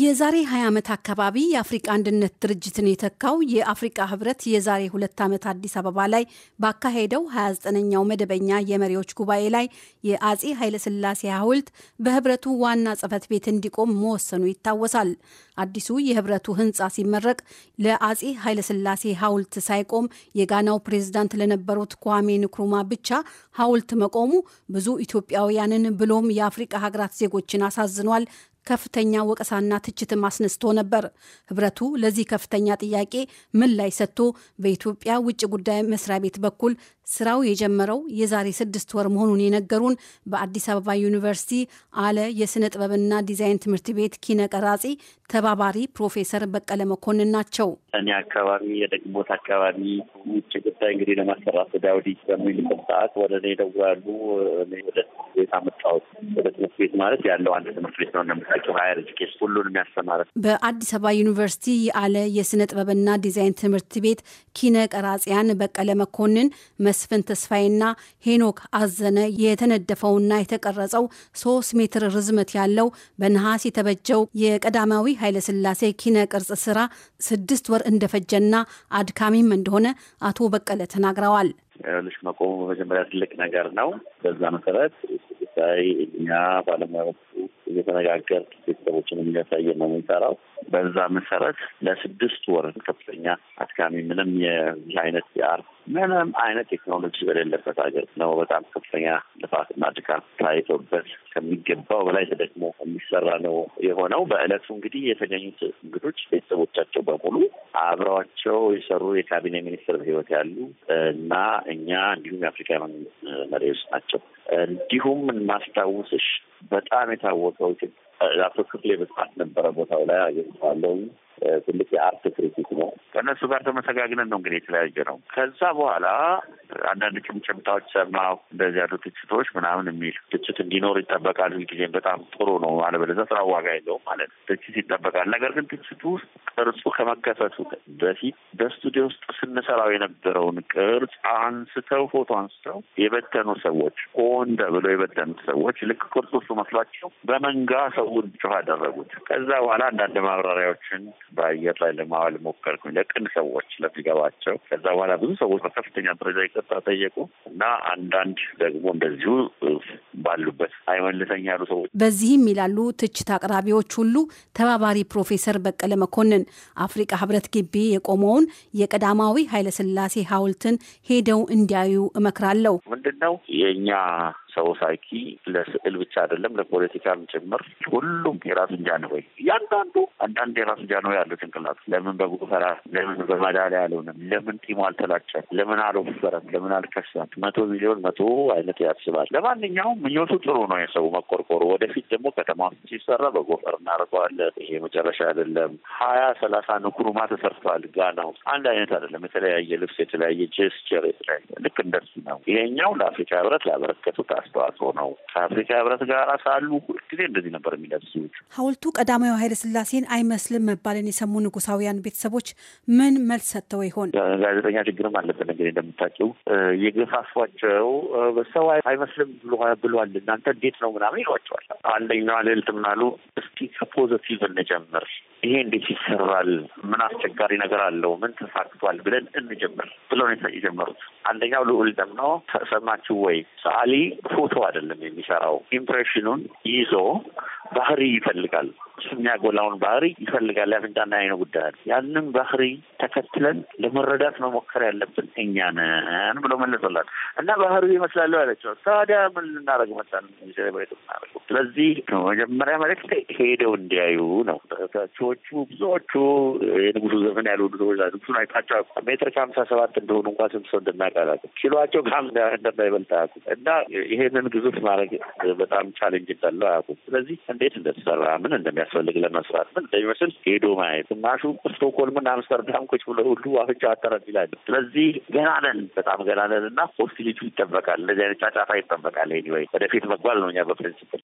የዛሬ 20 ዓመት አካባቢ የአፍሪቃ አንድነት ድርጅትን የተካው የአፍሪቃ ህብረት የዛሬ ሁለት ዓመት አዲስ አበባ ላይ ባካሄደው 29ኛው መደበኛ የመሪዎች ጉባኤ ላይ የአጼ ኃይለሥላሴ ሐውልት በህብረቱ ዋና ጽህፈት ቤት እንዲቆም መወሰኑ ይታወሳል። አዲሱ የህብረቱ ህንፃ ሲመረቅ ለአጼ ኃይለሥላሴ ሐውልት ሳይቆም የጋናው ፕሬዝዳንት ለነበሩት ኳሜ ንክሩማ ብቻ ሐውልት መቆሙ ብዙ ኢትዮጵያውያንን ብሎም የአፍሪቃ ሀገራት ዜጎችን አሳዝኗል፣ ከፍተኛ ወቀሳና ትችትም አስነስቶ ነበር። ህብረቱ ለዚህ ከፍተኛ ጥያቄ ምን ላይ ሰጥቶ በኢትዮጵያ ውጭ ጉዳይ መስሪያ ቤት በኩል ስራው የጀመረው የዛሬ ስድስት ወር መሆኑን የነገሩን በአዲስ አበባ ዩኒቨርሲቲ አለ የስነ ጥበብና ዲዛይን ትምህርት ቤት ኪነ ቀራጺ ተባባሪ ፕሮፌሰር በቀለ መኮንን ናቸው። እኔ አካባቢ የደግሞት አካባቢ ውጭ ጉዳይ እንግዲህ ለማሰራት ወደ አውዲ በሚልበት ሰዓት ወደ እኔ ይደውላሉ። ወደ ትምህርት ቤት አመጣሁት። ወደ ትምህርት ቤት ማለት ያለው አንድ ትምህርት ቤት ነው ዘላቂው ሀየር ኤጁኬሽን ሁሉን ያስተማረ በአዲስ አበባ ዩኒቨርሲቲ የአለ የስነ ጥበብና ዲዛይን ትምህርት ቤት ኪነ ቀራጽያን በቀለ መኮንን፣ መስፍን ተስፋዬና ሄኖክ አዘነ የተነደፈውና የተቀረጸው ሶስት ሜትር ርዝመት ያለው በነሐስ የተበጀው የቀዳማዊ ኃይለስላሴ ኪነ ቅርጽ ስራ ስድስት ወር እንደፈጀና አድካሚም እንደሆነ አቶ በቀለ ተናግረዋል። ልሽ መቆሙ በመጀመሪያ ትልቅ ነገር ነው። በዛ መሰረት ጉዳይ እኛ ባለሙያዎቹ እየተነጋገር ቤተሰቦችን የሚያሳየ ነው የሚሰራው በዛ መሰረት ለስድስት ወር ከፍተኛ አድካሚ ምንም የዚህ አይነት የአር ምንም አይነት ቴክኖሎጂ በሌለበት ሀገር ነው። በጣም ከፍተኛ ልፋትና ድካም ታይቶበት ከሚገባው በላይ ተደክሞ የሚሰራ ነው የሆነው። በእለቱ እንግዲህ የተገኙት እንግዶች ቤተሰቦቻቸው በሙሉ አብረዋቸው የሰሩ የካቢኔ ሚኒስትር ህይወት ያሉ እና እኛ እንዲሁም የአፍሪካ መሪዎች ናቸው። እንዲሁም ማስታውስሽ በጣም የታወቀ ሰዎችን አቶክር ላይ በስፋት ነበረ ቦታው ላይ አገኘዋለሁ። ትልቅ የአርት ክሪቲክ ነው። ከእነሱ ጋር ተመሰጋግነን ነው እንግዲህ የተለያየ ነው። ከዛ በኋላ አንዳንድ ጭምጭምታዎች ሰማሁ እንደዚህ ያሉ ትችቶች ምናምን የሚል ትችት እንዲኖር ይጠበቃል። ሁልጊዜም በጣም ጥሩ ነው። አለበለዚያ ስራ ዋጋ የለውም ማለት ነው። ትችት ይጠበቃል። ነገር ግን ትችቱ ቅርጹ ከመከፈቱ በፊት በስቱዲዮ ውስጥ ስንሰራው የነበረውን ቅርጽ አንስተው ፎቶ አንስተው የበተኑ ሰዎች ሆን ብለው የበተኑት ሰዎች ልክ ቅርጹ እሱ መስሏቸው በመንጋ ሰውን ጮህ አደረጉት። ከዛ በኋላ አንዳንድ ማብራሪያዎችን በአየር ላይ ለማዋል ሞከርኩኝ ለቅን ሰዎች ለሚገባቸው። ከዛ በኋላ ብዙ ሰዎች በከፍተኛ ደረጃ እንዲያስወጣ ጠየቁ እና አንዳንድ ደግሞ እንደዚሁ ባሉበት አይመልሰኝ ያሉ ሰዎች በዚህም ይላሉ ትችት አቅራቢዎች ሁሉ ተባባሪ ፕሮፌሰር በቀለ መኮንን አፍሪቃ ህብረት ግቢ የቆመውን የቀዳማዊ ኃይለስላሴ ሐውልትን ሄደው እንዲያዩ እመክራለሁ። ምንድን ነው የእኛ ሳይኪ ለስዕል ብቻ አይደለም ለፖለቲካም ጭምር ሁሉም የራሱን ጃንሆይ እያንዳንዱ አንዳንድ የራሱ ጃንሆይ ያለው ጭንቅላት ለምን በጎፈራ ለምን በመዳሊያ አልሆነም ለምን ጢሙ አልተላጨም ለምን አልወፈረም ለምን አልከሳም መቶ ሚሊዮን መቶ አይነት ያስባል ለማንኛውም ምኞቱ ጥሩ ነው የሰው መቆርቆሩ ወደፊት ደግሞ ከተማ ውስጥ ሲሰራ በጎፈር እናደርገዋለን ይሄ መጨረሻ አይደለም ሀያ ሰላሳ ንኩሩማ ተሰርተዋል ጋና ውስጥ አንድ አይነት አይደለም የተለያየ ልብስ የተለያየ ጀስቸር የተለያየ ልክ እንደሱ ነው ይሄኛው ለአፍሪካ ህብረት ላበረከቱት አስተዋጽኦ ነው። ከአፍሪካ ህብረት ጋር ሳሉ ሁልጊዜ እንደዚህ ነበር የሚለብሱት። ሀውልቱ ቀዳማዊ ኃይለ ስላሴን አይመስልም መባልን የሰሙ ንጉሳውያን ቤተሰቦች ምን መልስ ሰጥተው ይሆን? ጋዜጠኛ ችግርም አለበት እንግዲህ እንደምታውቂው የገፋፏቸው ሰው አይመስልም ብሏል እናንተ እንዴት ነው ምናምን ይሏቸዋል። አንደኛ ልዕልት ምናሉ እስኪ ከፖዘቲቭ እንጀምር ይሄ እንዴት ይሰራል? ምን አስቸጋሪ ነገር አለው? ምን ተሳክቷል? ብለን እንጀምር ብለው ነው የጀመሩት። አንደኛው ልዑል ደግሞ ሰማችሁ ወይ ሰዓሊ ፎቶ አይደለም የሚሰራው። ኢምፕሬሽኑን ይዞ ባህሪ ይፈልጋል። የሚያጎላውን ባህሪ ይፈልጋል። ያፍንጫና የዓይን ጉዳይ አለ። ያንን ባህሪ ተከትለን ለመረዳት መሞከር ያለብን እኛ ነን ብሎ መለሰላት እና ባህሪ ይመስላለ ያለችው። ታዲያ ምን ልናደርግ መጣን? ሴሌብሬት እናደርገው። ስለዚህ መጀመሪያ መልዕክት ሄደው እንዲያዩ ነው። ተተኪዎቹ ብዙዎቹ የንጉሱ ዘፈን ያልሆኑ ሰዎች ንጉሱን አይታቸው ሜትር ከሀምሳ ሰባት እንደሆኑ እንኳ ስንት ሰው እንደሚያቃላቁ ኪሎቸው ከሀምሳ እንደማይበልጥ አያውቁም እና ይሄንን ግዙፍ ማድረግ በጣም ቻሌንጅ እንዳለው አያውቁም። ስለዚህ እንዴት እንደተሰራ ምን እንደሚያስ ሲያስፈልግ ለመስራት ምን እንደሚመስል ሄዶ ማየት ግማሹ ስቶክሆልምና አምስተርዳም ኮች ብሎ ሁሉ አፍንጫ አተረት ይላል። ስለዚህ ገና ነን፣ በጣም ገና ነን እና ሆስቲሊቱ ይጠበቃል። እንደዚህ አይነት ጫጫታ ይጠበቃል። ኒወይ ወደፊት መግባል ነው እኛ በፕሪንሲፕል